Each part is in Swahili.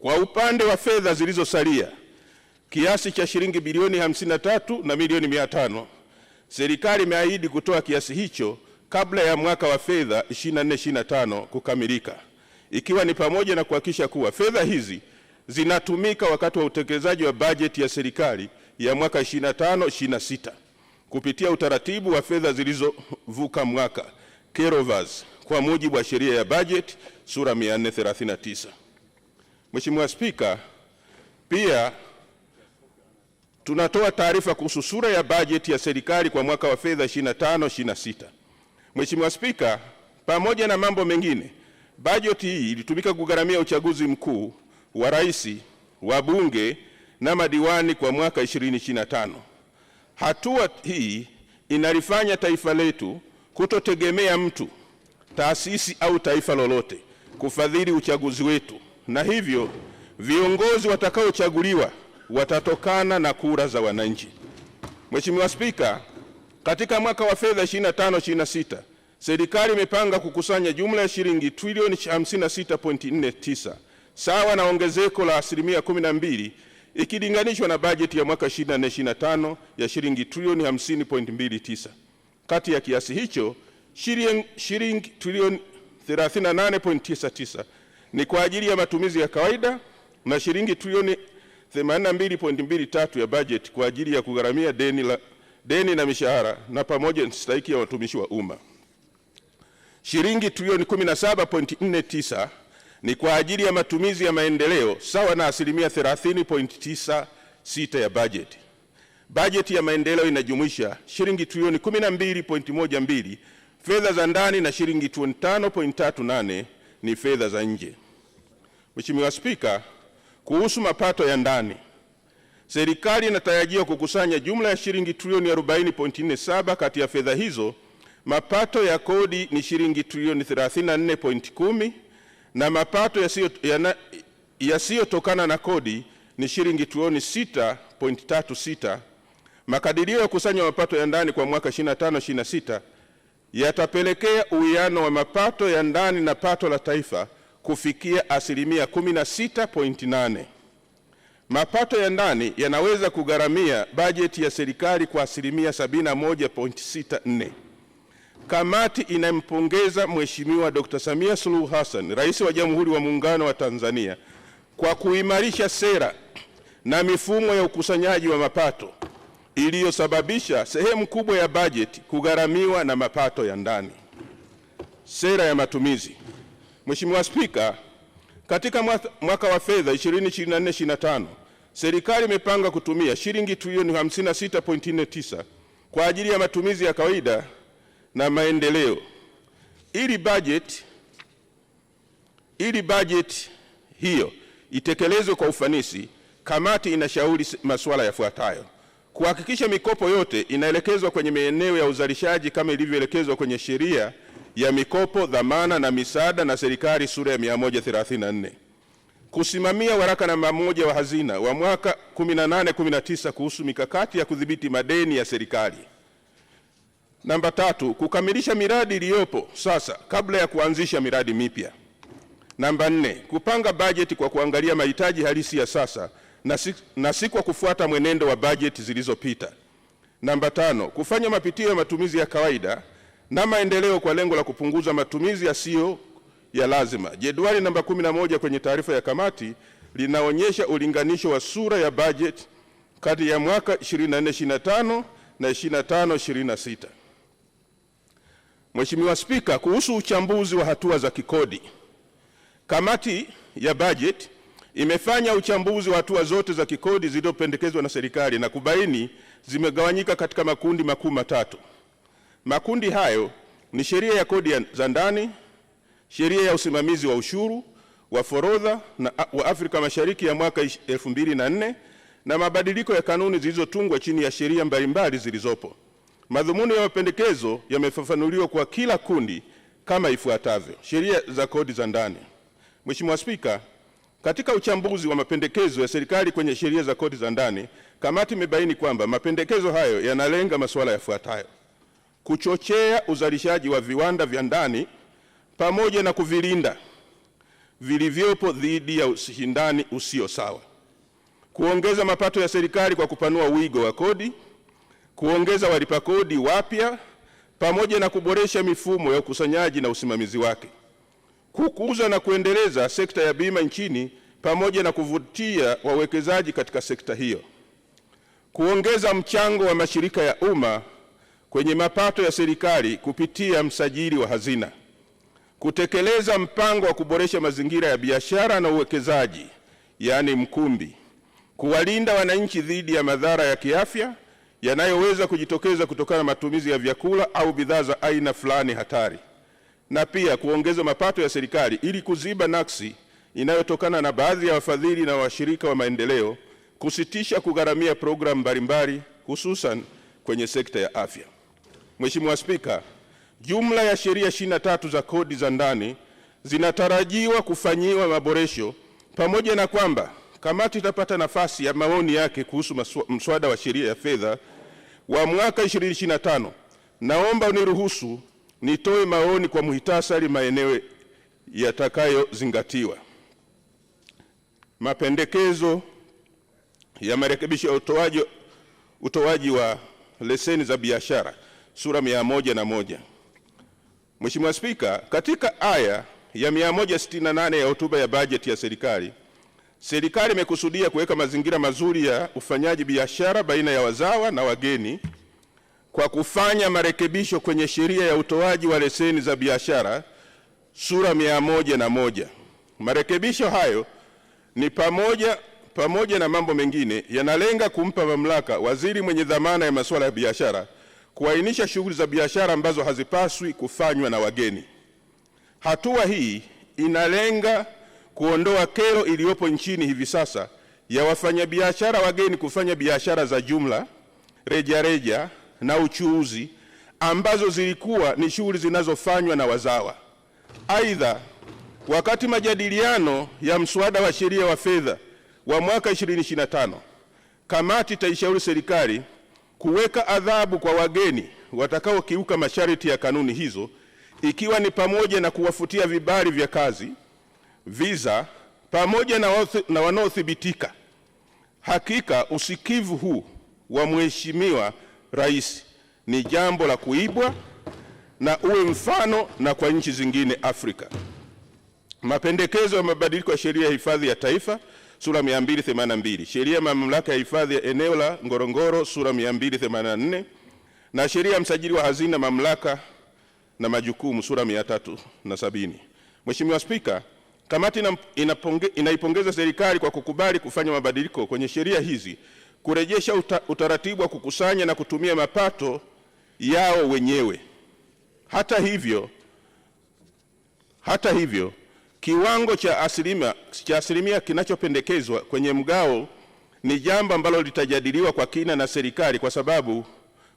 Kwa upande wa fedha zilizosalia kiasi cha shilingi bilioni 53 na milioni 500, serikali imeahidi kutoa kiasi hicho kabla ya mwaka wa fedha 2425 kukamilika, ikiwa ni pamoja na kuhakikisha kuwa fedha hizi zinatumika wakati wa utekelezaji wa bajeti ya serikali ya mwaka 2526 kupitia utaratibu wa fedha zilizovuka mwaka Kerovas, kwa mujibu wa sheria ya bajeti sura 439. Mheshimiwa Spika, pia tunatoa taarifa kuhusu sura ya bajeti ya serikali kwa mwaka wa fedha 25 26. Mheshimiwa Spika, pamoja na mambo mengine, bajeti hii ilitumika kugharamia uchaguzi mkuu wa rais, wa bunge na madiwani kwa mwaka 2025. Hatua hii inalifanya taifa letu kutotegemea mtu, taasisi au taifa lolote kufadhili uchaguzi wetu na hivyo viongozi watakaochaguliwa watatokana na kura za wananchi. Mheshimiwa Spika, katika mwaka wa fedha 25 26 serikali imepanga kukusanya jumla ya shilingi trilioni 56.49 sawa na ongezeko la asilimia 12 ikilinganishwa na bajeti ya mwaka 24 25 ya shilingi trilioni 50.29. Kati ya kiasi hicho shilingi trilioni 38.99 ni kwa ajili ya matumizi ya kawaida na shilingi trilioni 82.23 ya budget kwa ajili ya kugharamia deni, la, deni na mishahara na pamoja na stahiki ya watumishi wa umma. Shilingi trilioni 17.49 ni kwa ajili ya matumizi ya maendeleo sawa na asilimia 30.96 ya budget. Bajeti ya maendeleo inajumuisha shilingi trilioni 12.12 fedha za ndani na shilingi 25.38 ni fedha za nje. Mheshimiwa Spika, kuhusu mapato ya ndani, serikali inatarajiwa kukusanya jumla ya shilingi trilioni 40.47. Kati ya fedha hizo, mapato ya kodi ni shilingi trilioni 34.10 na mapato yasiyotokana ya na kodi ni shilingi trilioni 6.36. Makadirio ya kusanywa mapato ya ndani kwa mwaka 25 26 yatapelekea uwiano wa mapato ya ndani na pato la taifa kufikia asilimia 16.8. Mapato ya ndani yanaweza kugharamia bajeti ya serikali kwa asilimia 71.64. Kamati inampongeza Mheshimiwa Dr. Samia Suluhu Hassan, Rais wa Jamhuri wa Muungano wa Tanzania kwa kuimarisha sera na mifumo ya ukusanyaji wa mapato iliyosababisha sehemu kubwa ya bajeti kugharamiwa na mapato ya ndani. Sera ya matumizi Mheshimiwa Spika, katika mwaka wa fedha 2024 2025 serikali imepanga kutumia shilingi trilioni 56.49 kwa ajili ya matumizi ya kawaida na maendeleo ili budget, ili budget hiyo itekelezwe kwa ufanisi, kamati inashauri masuala yafuatayo: kuhakikisha mikopo yote inaelekezwa kwenye maeneo ya uzalishaji kama ilivyoelekezwa kwenye sheria ya mikopo, dhamana na misaada na serikali sura ya 134, kusimamia waraka namba moja wa hazina wa mwaka 18 19 kuhusu mikakati ya kudhibiti madeni ya serikali. Namba tatu, kukamilisha miradi iliyopo sasa kabla ya kuanzisha miradi mipya. Namba nne, kupanga bajeti kwa kuangalia mahitaji halisi ya sasa na si, na si kwa kufuata mwenendo wa bajeti zilizopita. Namba tano, kufanya mapitio ya matumizi ya kawaida na maendeleo kwa lengo la kupunguza matumizi yasiyo ya lazima. Jedwali namba 11 kwenye taarifa ya kamati linaonyesha ulinganisho wa sura ya bajeti kati ya mwaka 2425 na 25/26. Mheshimiwa Spika, kuhusu uchambuzi wa hatua za kikodi, kamati ya bajeti imefanya uchambuzi wa hatua zote za kikodi zilizopendekezwa na serikali na kubaini zimegawanyika katika makundi makuu matatu. Makundi hayo ni sheria ya kodi za ndani, sheria ya usimamizi wa ushuru wa forodha wa Afrika Mashariki ya mwaka 2004 na mabadiliko ya kanuni zilizotungwa chini ya sheria mbalimbali zilizopo. Madhumuni ya mapendekezo yamefafanuliwa kwa kila kundi kama ifuatavyo. Sheria za kodi za ndani. Mheshimiwa Spika, katika uchambuzi wa mapendekezo ya serikali kwenye sheria za kodi za ndani, kamati imebaini kwamba mapendekezo hayo yanalenga masuala yafuatayo: kuchochea uzalishaji wa viwanda vya ndani pamoja na kuvilinda vilivyopo dhidi ya ushindani usio sawa, kuongeza mapato ya serikali kwa kupanua wigo wa kodi, kuongeza walipa kodi wapya pamoja na kuboresha mifumo ya ukusanyaji na usimamizi wake, kukuza na kuendeleza sekta ya bima nchini pamoja na kuvutia wawekezaji katika sekta hiyo, kuongeza mchango wa mashirika ya umma kwenye mapato ya serikali kupitia msajili wa hazina, kutekeleza mpango wa kuboresha mazingira ya biashara na uwekezaji, yaani mkumbi, kuwalinda wananchi dhidi ya madhara ya kiafya yanayoweza kujitokeza kutokana na matumizi ya vyakula au bidhaa za aina fulani hatari, na pia kuongeza mapato ya serikali ili kuziba nakisi inayotokana na baadhi ya wafadhili na washirika wa maendeleo kusitisha kugharamia programu mbalimbali hususan kwenye sekta ya afya. Mheshimiwa Spika, jumla ya sheria 23 za kodi za ndani zinatarajiwa kufanyiwa maboresho, pamoja na kwamba kamati itapata nafasi ya maoni yake kuhusu mswada wa sheria ya fedha wa mwaka 2025. Naomba uniruhusu nitoe maoni kwa muhtasari maeneo yatakayozingatiwa. Mapendekezo ya marekebisho ya utoaji, utoaji wa leseni za biashara sura mia moja na moja. Mheshimiwa Spika, katika aya ya 168 ya hotuba ya bajeti ya serikali, serikali imekusudia kuweka mazingira mazuri ya ufanyaji biashara baina ya wazawa na wageni kwa kufanya marekebisho kwenye sheria ya utoaji wa leseni za biashara sura mia moja na moja. Marekebisho hayo ni pamoja, pamoja na mambo mengine yanalenga kumpa mamlaka waziri mwenye dhamana ya masuala ya biashara kuainisha shughuli za biashara ambazo hazipaswi kufanywa na wageni. Hatua hii inalenga kuondoa kero iliyopo nchini hivi sasa ya wafanyabiashara wageni kufanya biashara za jumla, rejareja reja, na uchuuzi ambazo zilikuwa ni shughuli zinazofanywa na wazawa. Aidha, wakati majadiliano ya mswada wa sheria wa fedha wa mwaka 2025 kamati itaishauri serikali kuweka adhabu kwa wageni watakaokiuka masharti ya kanuni hizo ikiwa ni pamoja na kuwafutia vibali vya kazi, visa pamoja na, na wanaothibitika. Hakika usikivu huu wa Mheshimiwa Rais ni jambo la kuibwa na uwe mfano na kwa nchi zingine Afrika. Mapendekezo ya mabadiliko ya sheria ya hifadhi ya taifa sura 282, sheria ya mamlaka ya hifadhi ya eneo la Ngorongoro sura 284 na sheria ya msajili wa hazina mamlaka na majukumu sura 370. Mheshimiwa Spika, kamati inaponge, inaipongeza serikali kwa kukubali kufanya mabadiliko kwenye sheria hizi kurejesha uta, utaratibu wa kukusanya na kutumia mapato yao wenyewe. Hata hivyo, hata hivyo Kiwango cha asilimia, cha asilimia kinachopendekezwa kwenye mgao ni jambo ambalo litajadiliwa kwa kina na serikali kwa sababu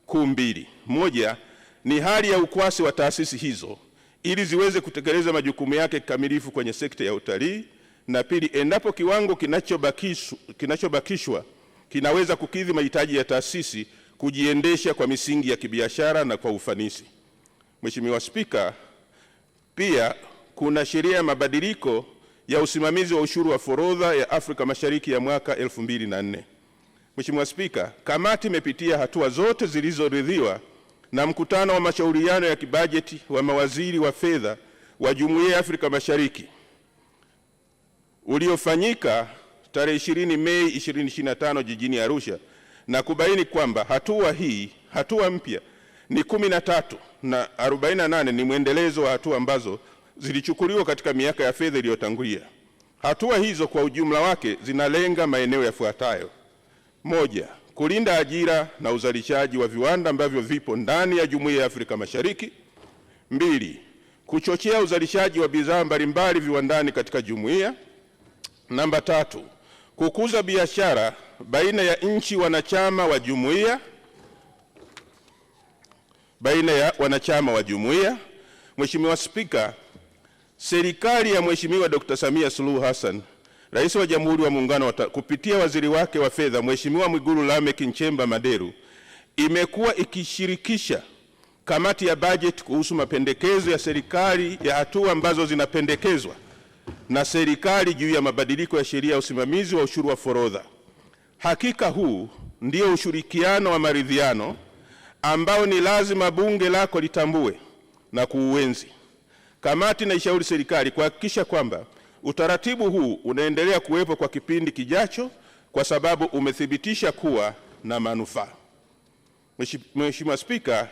kuu mbili. Moja ni hali ya ukwasi wa taasisi hizo ili ziweze kutekeleza majukumu yake kikamilifu kwenye sekta ya utalii, na pili, endapo kiwango kinachobakishwa kinachobakishwa kinaweza kukidhi mahitaji ya taasisi kujiendesha kwa misingi ya kibiashara na kwa ufanisi. Mheshimiwa Spika, pia kuna sheria ya mabadiliko ya usimamizi wa ushuru wa forodha ya Afrika Mashariki ya mwaka 2004. Mheshimiwa Spika, kamati imepitia hatua zote zilizoridhiwa na mkutano wa mashauriano ya kibajeti wa mawaziri wa fedha wa Jumuiya ya Afrika Mashariki uliofanyika tarehe 20 Mei 2025 jijini Arusha na kubaini kwamba hatua hii hatua mpya ni 13 na 48 ni mwendelezo wa hatua ambazo zilichukuliwa katika miaka ya fedha iliyotangulia. Hatua hizo kwa ujumla wake zinalenga maeneo yafuatayo: moja, kulinda ajira na uzalishaji wa viwanda ambavyo vipo ndani ya Jumuiya ya Afrika Mashariki; mbili, kuchochea uzalishaji wa bidhaa mbalimbali viwandani katika jumuiya; namba tatu, kukuza biashara baina ya nchi wanachama wa jumuiya baina ya wanachama wa jumuiya. Mheshimiwa Spika, Serikali ya Mheshimiwa Dr. Samia Suluhu Hassan, Rais wa Jamhuri wa Muungano wa kupitia waziri wake wa fedha Mheshimiwa Mwigulu Lameck Nchemba Maderu imekuwa ikishirikisha kamati ya bajeti kuhusu mapendekezo ya serikali ya hatua ambazo zinapendekezwa na serikali juu ya mabadiliko ya sheria ya usimamizi wa ushuru wa forodha. Hakika huu ndio ushirikiano wa maridhiano ambao ni lazima bunge lako litambue na kuuenzi. Kamati inaishauri serikali kuhakikisha kwamba utaratibu huu unaendelea kuwepo kwa kipindi kijacho kwa sababu umethibitisha kuwa na manufaa. Mheshimiwa Spika,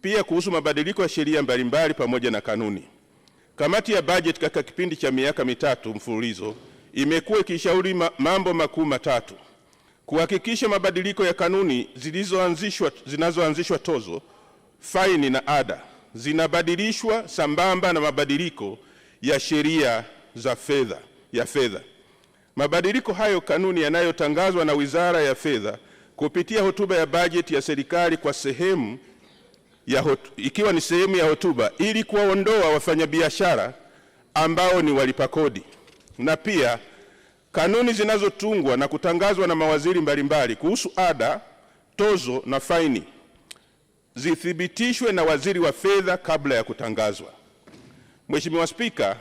pia kuhusu mabadiliko ya sheria mbalimbali pamoja na kanuni, kamati ya bajeti katika kipindi cha miaka mitatu mfululizo imekuwa ikishauri mambo makuu matatu: kuhakikisha mabadiliko ya kanuni zilizoanzishwa zinazoanzishwa tozo, faini na ada zinabadilishwa sambamba na mabadiliko ya sheria za fedha ya fedha. Mabadiliko hayo kanuni yanayotangazwa na Wizara ya Fedha kupitia hotuba ya bajeti ya serikali kwa sehemu ya hotu, ikiwa ni sehemu ya hotuba ili kuwaondoa wafanyabiashara ambao ni walipa kodi, na pia kanuni zinazotungwa na kutangazwa na mawaziri mbalimbali kuhusu ada, tozo na faini zithibitishwe na waziri wa fedha kabla ya kutangazwa. Mheshimiwa Spika,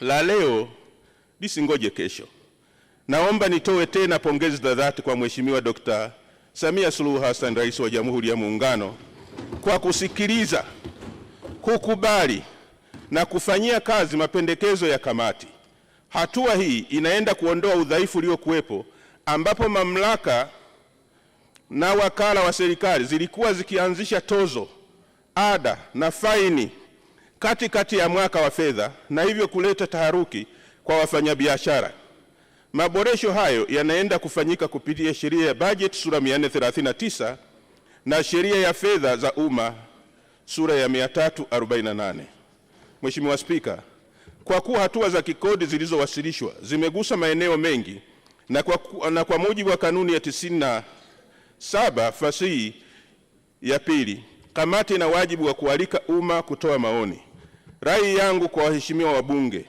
la leo lisingoje kesho. Naomba nitoe tena pongezi za dhati kwa Mheshimiwa Dkt. Samia Suluhu Hassan, Rais wa Jamhuri ya Muungano, kwa kusikiliza, kukubali na kufanyia kazi mapendekezo ya kamati. Hatua hii inaenda kuondoa udhaifu uliokuwepo ambapo mamlaka na wakala wa serikali zilikuwa zikianzisha tozo, ada na faini katikati kati ya mwaka wa fedha na hivyo kuleta taharuki kwa wafanyabiashara. Maboresho hayo yanaenda kufanyika kupitia sheria ya bajeti sura 439 na sheria ya fedha za umma sura ya 348. Mheshimiwa Spika, kwa kuwa hatua za kikodi zilizowasilishwa zimegusa maeneo mengi na kwa, na kwa mujibu wa kanuni ya Saba, fasihi ya pili, kamati ina wajibu wa kualika umma kutoa maoni. Rai yangu kwa waheshimiwa wabunge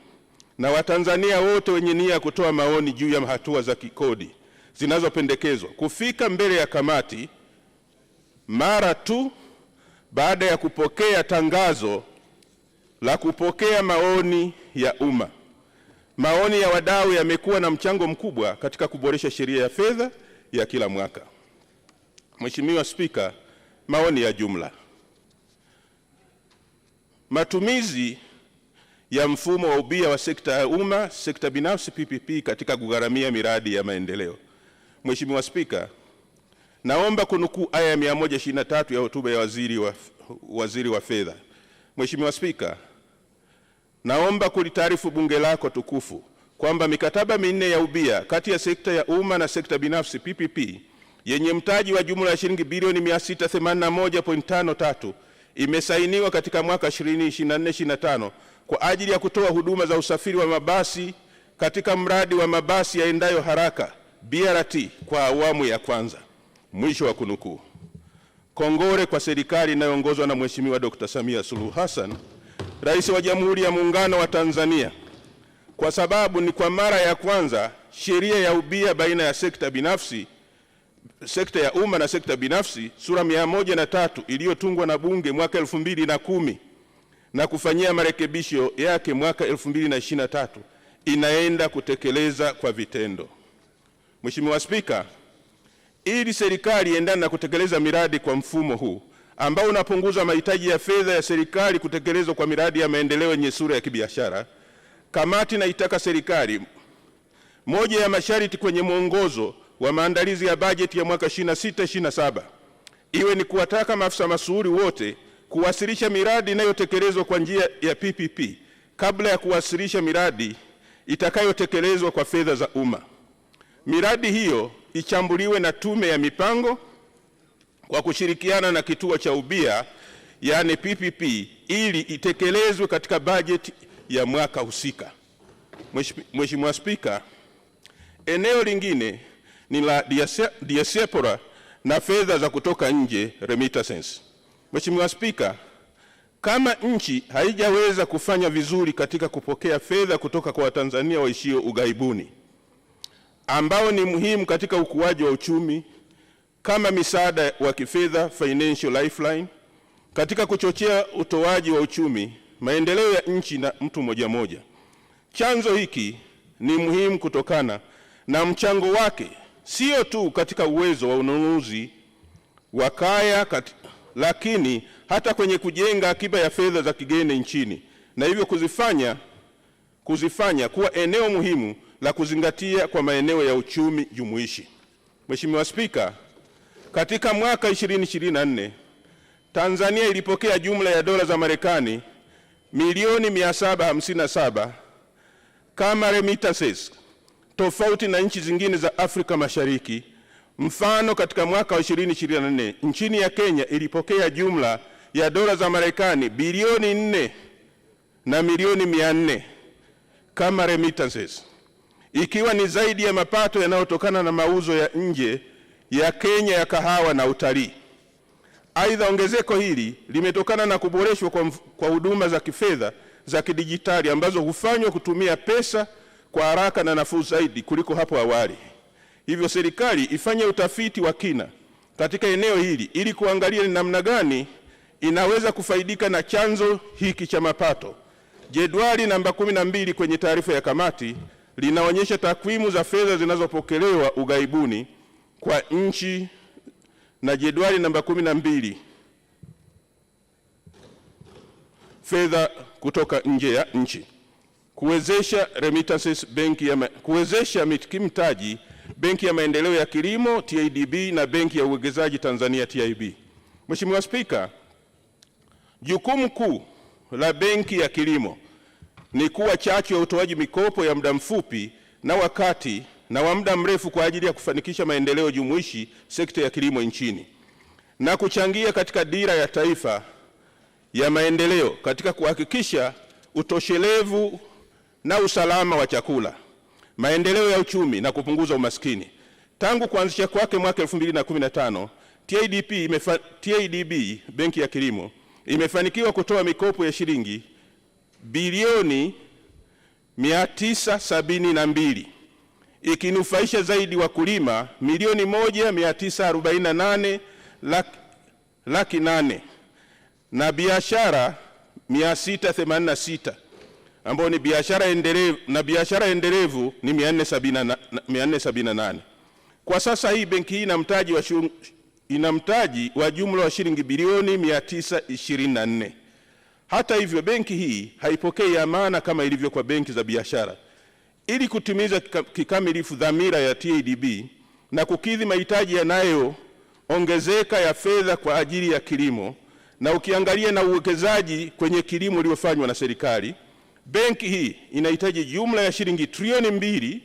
na Watanzania wote wenye nia ya kutoa maoni juu ya hatua za kikodi zinazopendekezwa kufika mbele ya kamati mara tu baada ya kupokea tangazo la kupokea maoni ya umma. Maoni ya wadau yamekuwa na mchango mkubwa katika kuboresha sheria ya fedha ya kila mwaka. Mheshimiwa Spika, maoni ya jumla. Matumizi ya mfumo wa ubia wa sekta ya umma, sekta binafsi PPP katika kugharamia miradi ya maendeleo. Mheshimiwa Spika, naomba kunukuu aya ya 123 ya hotuba ya waziri wa, waziri wa fedha. Mheshimiwa Spika, naomba kulitaarifu bunge lako tukufu kwamba mikataba minne ya ubia kati ya sekta ya umma na sekta binafsi PPP yenye mtaji wa jumla ya shilingi bilioni 681.53 imesainiwa katika mwaka 2024 2025 kwa ajili ya kutoa huduma za usafiri wa mabasi katika mradi wa mabasi yaendayo haraka BRT kwa awamu ya kwanza. Mwisho wa kunukuu. Kongole kwa serikali inayoongozwa na Mheshimiwa Dr. Samia Suluhu Hassan, Rais wa Jamhuri ya Muungano wa Tanzania, kwa sababu ni kwa mara ya kwanza sheria ya ubia baina ya sekta binafsi sekta ya umma na sekta binafsi sura mia moja na tatu iliyotungwa na Bunge mwaka elfu mbili na kumi na kufanyia marekebisho yake mwaka elfu mbili na ishirini na tatu inaenda kutekeleza kwa vitendo. Mheshimiwa Spika, ili serikali iendane na kutekeleza miradi kwa mfumo huu ambao unapunguza mahitaji ya fedha ya serikali kutekelezwa kwa miradi ya maendeleo yenye sura ya kibiashara, kamati naitaka serikali, moja ya masharti kwenye mwongozo wa maandalizi ya bajeti ya mwaka 26 27 iwe ni kuwataka maafisa masuhuri wote kuwasilisha miradi inayotekelezwa kwa njia ya PPP kabla ya kuwasilisha miradi itakayotekelezwa kwa fedha za umma. Miradi hiyo ichambuliwe na Tume ya Mipango kwa kushirikiana na kituo cha ubia, yani PPP, ili itekelezwe katika bajeti ya mwaka husika. Mheshimiwa Spika, eneo lingine ni la diaspora na fedha za kutoka nje remittances. Mheshimiwa Spika, kama nchi haijaweza kufanya vizuri katika kupokea fedha kutoka kwa Watanzania waishio ughaibuni ambao ni muhimu katika ukuaji wa uchumi kama misaada wa kifedha financial lifeline, katika kuchochea utoaji wa uchumi, maendeleo ya nchi na mtu mmoja mmoja, chanzo hiki ni muhimu kutokana na mchango wake sio tu katika uwezo wa ununuzi wa kaya lakini hata kwenye kujenga akiba ya fedha za kigeni nchini na hivyo kuzifanya, kuzifanya kuwa eneo muhimu la kuzingatia kwa maeneo ya uchumi jumuishi. Mheshimiwa Spika, katika mwaka 2024 Tanzania ilipokea jumla ya dola za Marekani milioni 757 kama remittances tofauti na nchi zingine za Afrika Mashariki. Mfano, katika mwaka wa 2024 nchini ya Kenya ilipokea jumla ya dola za Marekani bilioni 4 na milioni 400 kama remittances, ikiwa ni zaidi ya mapato yanayotokana na mauzo ya nje ya Kenya ya kahawa na utalii. Aidha, ongezeko hili limetokana na kuboreshwa kwa huduma za kifedha za kidijitali ambazo hufanywa kutumia pesa kwa haraka na nafuu zaidi kuliko hapo awali. Hivyo serikali ifanye utafiti wa kina katika eneo hili ili kuangalia ni namna gani inaweza kufaidika na chanzo hiki cha mapato. Jedwali namba 12 kwenye taarifa ya kamati linaonyesha takwimu za fedha zinazopokelewa ughaibuni kwa nchi na jedwali namba 12 fedha kutoka nje ya nchi kuwezesha remittances benki ya kuwezesha mitaji benki ya maendeleo ya kilimo TADB na benki ya uwekezaji Tanzania TIB. Mheshimiwa Spika, jukumu kuu la benki ya kilimo ni kuwa chachu ya utoaji mikopo ya muda mfupi na wakati na wa muda mrefu kwa ajili ya kufanikisha maendeleo jumuishi sekta ya kilimo nchini na kuchangia katika dira ya taifa ya maendeleo katika kuhakikisha utoshelevu na usalama wa chakula, maendeleo ya uchumi na kupunguza umaskini. Tangu kuanzisha kwake mwaka 2015 TADB, imefa, TADB benki ya kilimo imefanikiwa kutoa mikopo ya shilingi bilioni 972 ikinufaisha zaidi wakulima milioni 1,948 laki, laki nane na biashara 686 ambayo ni biashara endelevu na biashara endelevu ni 478. Kwa sasa hii benki hii ina mtaji wa shu, ina mtaji wa jumla wa shilingi bilioni 924. Hata hivyo, benki hii haipokei amana kama ilivyo kwa benki za biashara. Ili kutimiza kikamilifu dhamira ya TADB na kukidhi mahitaji yanayoongezeka ya fedha kwa ajili ya kilimo na ukiangalia na uwekezaji kwenye kilimo uliofanywa na serikali Benki hii inahitaji jumla ya shilingi trilioni mbili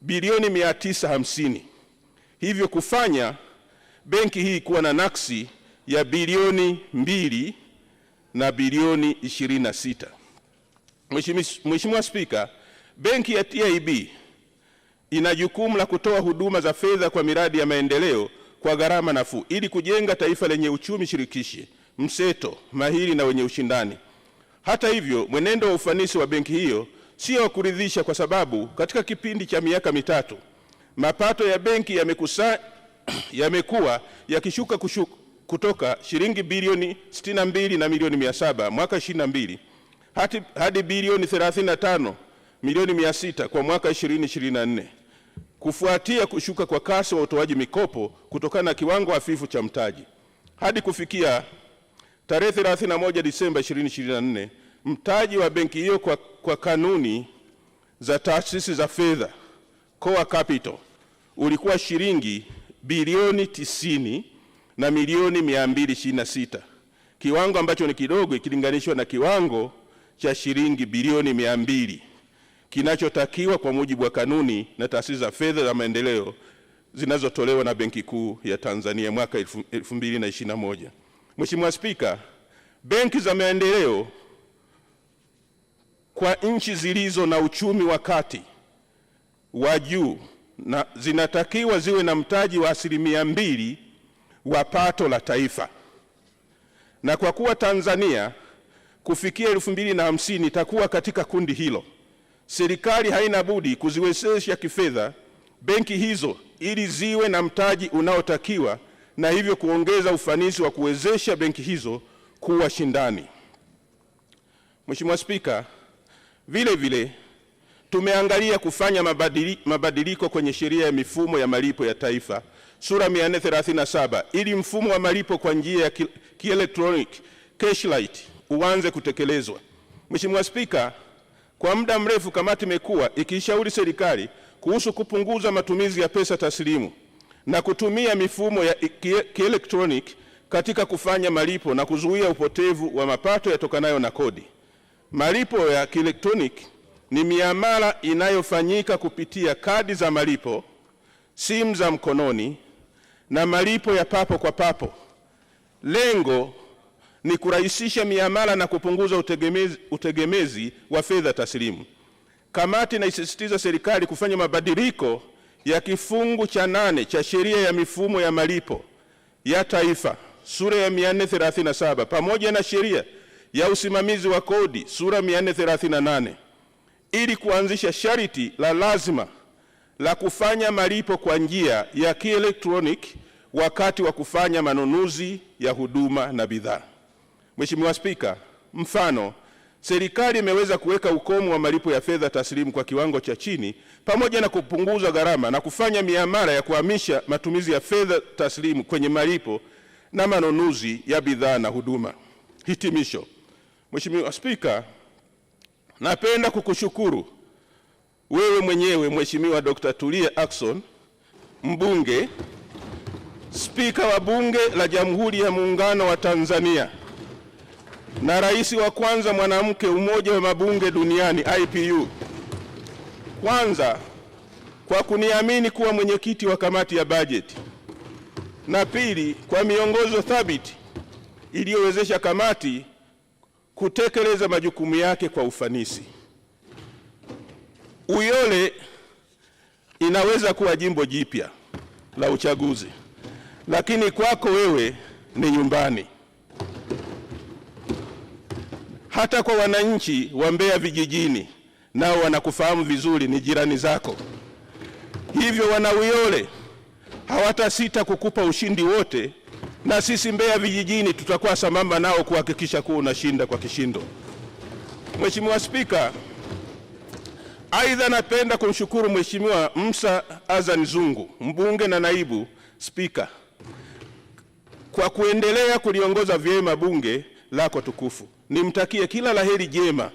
bilioni mia tisa hamsini hivyo kufanya benki hii kuwa na naksi ya bilioni mbili na bilioni 26. Mheshimiwa Spika, benki ya TIB ina jukumu la kutoa huduma za fedha kwa miradi ya maendeleo kwa gharama nafuu ili kujenga taifa lenye uchumi shirikishi, mseto, mahiri na wenye ushindani. Hata hivyo, mwenendo wa ufanisi wa benki hiyo sio wa kuridhisha, kwa sababu katika kipindi cha miaka mitatu mapato ya benki yamekuwa yakishuka kushuka kutoka shilingi bilioni 62 na milioni 700 mwaka 22 hadi, hadi bilioni 35 milioni 600 kwa mwaka 2024 kufuatia kushuka kwa kasi wa utoaji mikopo kutokana na kiwango hafifu cha mtaji hadi kufikia tarehe 31 Disemba 2024 mtaji wa benki hiyo kwa, kwa kanuni za taasisi za fedha core capital ulikuwa shilingi bilioni 90 na milioni 226, kiwango ambacho ni kidogo ikilinganishwa na kiwango cha shilingi bilioni 200 kinachotakiwa kwa mujibu wa kanuni na taasisi za fedha za maendeleo zinazotolewa na Benki Kuu ya Tanzania mwaka 2021. Mheshimiwa Spika, benki za maendeleo kwa nchi zilizo na uchumi wa kati wa juu na zinatakiwa ziwe na mtaji wa asilimia mbili wa pato la taifa, na kwa kuwa Tanzania kufikia elfu mbili na hamsini itakuwa katika kundi hilo, serikali haina budi kuziwezesha kifedha benki hizo ili ziwe na mtaji unaotakiwa na hivyo kuongeza ufanisi wa kuwezesha benki hizo kuwa shindani. Mheshimiwa Spika, vile vile tumeangalia kufanya mabadili, mabadiliko kwenye sheria ya mifumo ya malipo ya taifa sura 437 ili mfumo wa malipo kwa njia ya kielektronic cashlight uanze kutekelezwa. Mheshimiwa Spika, kwa muda mrefu kamati imekuwa ikishauri serikali kuhusu kupunguza matumizi ya pesa taslimu na kutumia mifumo ya e-, kielektroniki katika kufanya malipo na kuzuia upotevu wa mapato yatokanayo na kodi. Malipo ya kielektroniki ni miamala inayofanyika kupitia kadi za malipo, simu za mkononi na malipo ya papo kwa papo. Lengo ni kurahisisha miamala na kupunguza utegemezi, utegemezi wa fedha taslimu. Kamati inaisisitiza serikali kufanya mabadiliko ya kifungu cha nane cha sheria ya mifumo ya malipo ya taifa sura ya 437 pamoja na sheria ya usimamizi wa kodi sura 438 ili kuanzisha sharti la lazima la kufanya malipo kwa njia ya kielektroniki wakati wa kufanya manunuzi ya huduma na bidhaa. Mheshimiwa Spika, mfano Serikali imeweza kuweka ukomo wa malipo ya fedha taslimu kwa kiwango cha chini pamoja na kupunguza gharama na kufanya miamala ya kuhamisha matumizi ya fedha taslimu kwenye malipo na manunuzi ya bidhaa na huduma. Hitimisho. Mheshimiwa Spika, napenda kukushukuru wewe mwenyewe Mheshimiwa Dr. Tulia Ackson mbunge, spika wa Bunge la Jamhuri ya Muungano wa Tanzania na rais wa kwanza mwanamke umoja wa mabunge duniani IPU. Kwanza kwa kuniamini kuwa mwenyekiti wa kamati ya bajeti, na pili kwa miongozo thabiti iliyowezesha kamati kutekeleza majukumu yake kwa ufanisi. Uyole inaweza kuwa jimbo jipya la uchaguzi, lakini kwako wewe ni nyumbani hata kwa wananchi wa Mbeya vijijini, nao wanakufahamu vizuri, ni jirani zako. Hivyo hawata hawatasita kukupa ushindi wote, na sisi Mbeya vijijini tutakuwa sambamba nao kuhakikisha kuwa unashinda kwa kishindo. Mheshimiwa Spika, aidha napenda kumshukuru Mheshimiwa msa Azan Zungu, mbunge na naibu spika, kwa kuendelea kuliongoza vyema bunge lako tukufu. Nimtakie kila laheri jema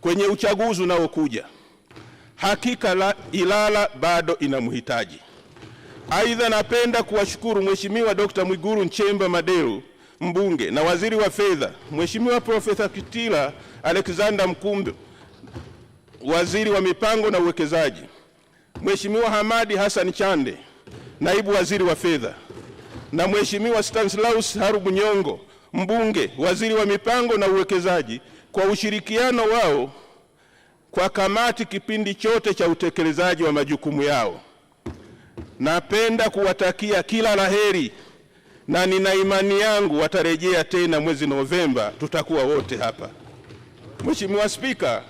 kwenye uchaguzi unaokuja. Hakika la Ilala bado inamhitaji. Aidha, napenda kuwashukuru Mheshimiwa Dr. Mwiguru Nchemba maderu mbunge na waziri wa fedha, Mheshimiwa Profesa Kitila Alexander Mkumbo waziri wa mipango na uwekezaji, Mheshimiwa Hamadi Hassan Chande naibu waziri wa fedha na Mheshimiwa Stanislaus Harubunyongo mbunge, waziri wa mipango na uwekezaji kwa ushirikiano wao kwa kamati kipindi chote cha utekelezaji wa majukumu yao. Napenda kuwatakia kila laheri na nina imani yangu watarejea tena mwezi Novemba, tutakuwa wote hapa. Mheshimiwa Spika,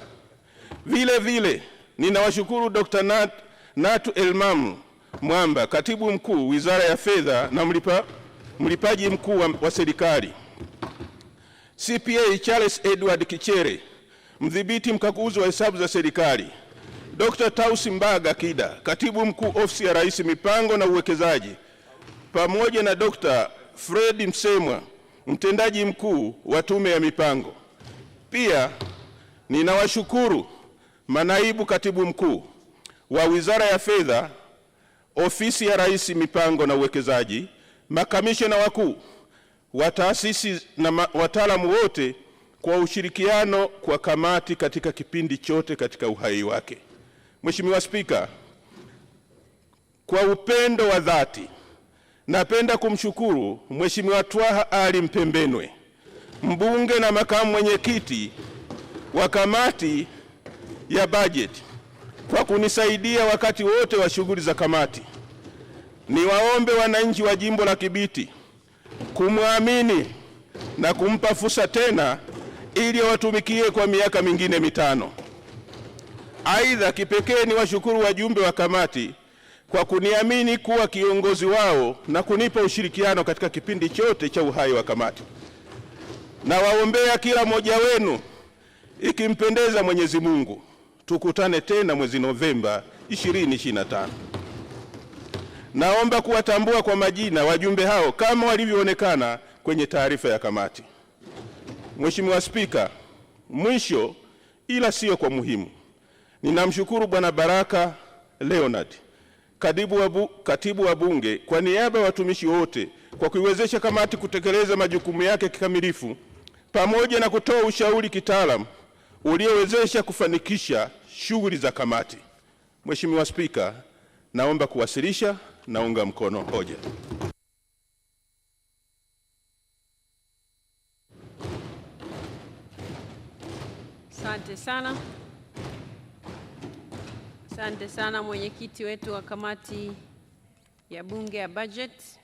vile vile ninawashukuru Dr. Nat, Natu Elmamu Mwamba, katibu mkuu Wizara ya Fedha na mlipa, mlipaji mkuu wa, wa serikali CPA Charles Edward Kichere, mdhibiti mkaguzi wa hesabu za serikali, Dr. Tausi Mbaga Kida, katibu mkuu ofisi ya Rais mipango na uwekezaji, pamoja na Dr. Fred Msemwa, mtendaji mkuu wa tume ya mipango. Pia ninawashukuru manaibu katibu mkuu wa Wizara ya Fedha, ofisi ya Rais mipango na uwekezaji, makamishna wakuu wa taasisi na wataalamu wote kwa ushirikiano kwa kamati katika kipindi chote katika uhai wake. Mheshimiwa Spika, kwa upendo wa dhati napenda kumshukuru Mheshimiwa Twaha Ali Mpembenwe, mbunge na makamu mwenyekiti wa kamati ya bajeti kwa kunisaidia wakati wote wa shughuli za kamati. Niwaombe wananchi wa jimbo la Kibiti kumwamini na kumpa fursa tena ili awatumikie kwa miaka mingine mitano. Aidha, kipekee ni washukuru wajumbe wa kamati kwa kuniamini kuwa kiongozi wao na kunipa ushirikiano katika kipindi chote cha uhai wa kamati. Nawaombea kila mmoja wenu, ikimpendeza Mwenyezi Mungu, tukutane tena mwezi Novemba 2025. Naomba kuwatambua kwa majina wajumbe hao kama walivyoonekana kwenye taarifa ya kamati. Mheshimiwa Spika, mwisho ila sio kwa muhimu, ninamshukuru Bwana Baraka Leonard Katibu, katibu wa Bunge kwa niaba ya watumishi wote kwa kuiwezesha kamati kutekeleza majukumu yake kikamilifu pamoja na kutoa ushauri kitaalamu uliowezesha kufanikisha shughuli za kamati. Mheshimiwa Spika, naomba kuwasilisha naunga mkono hoja. Asante sana. Asante sana mwenyekiti wetu wa kamati ya bunge ya bajeti.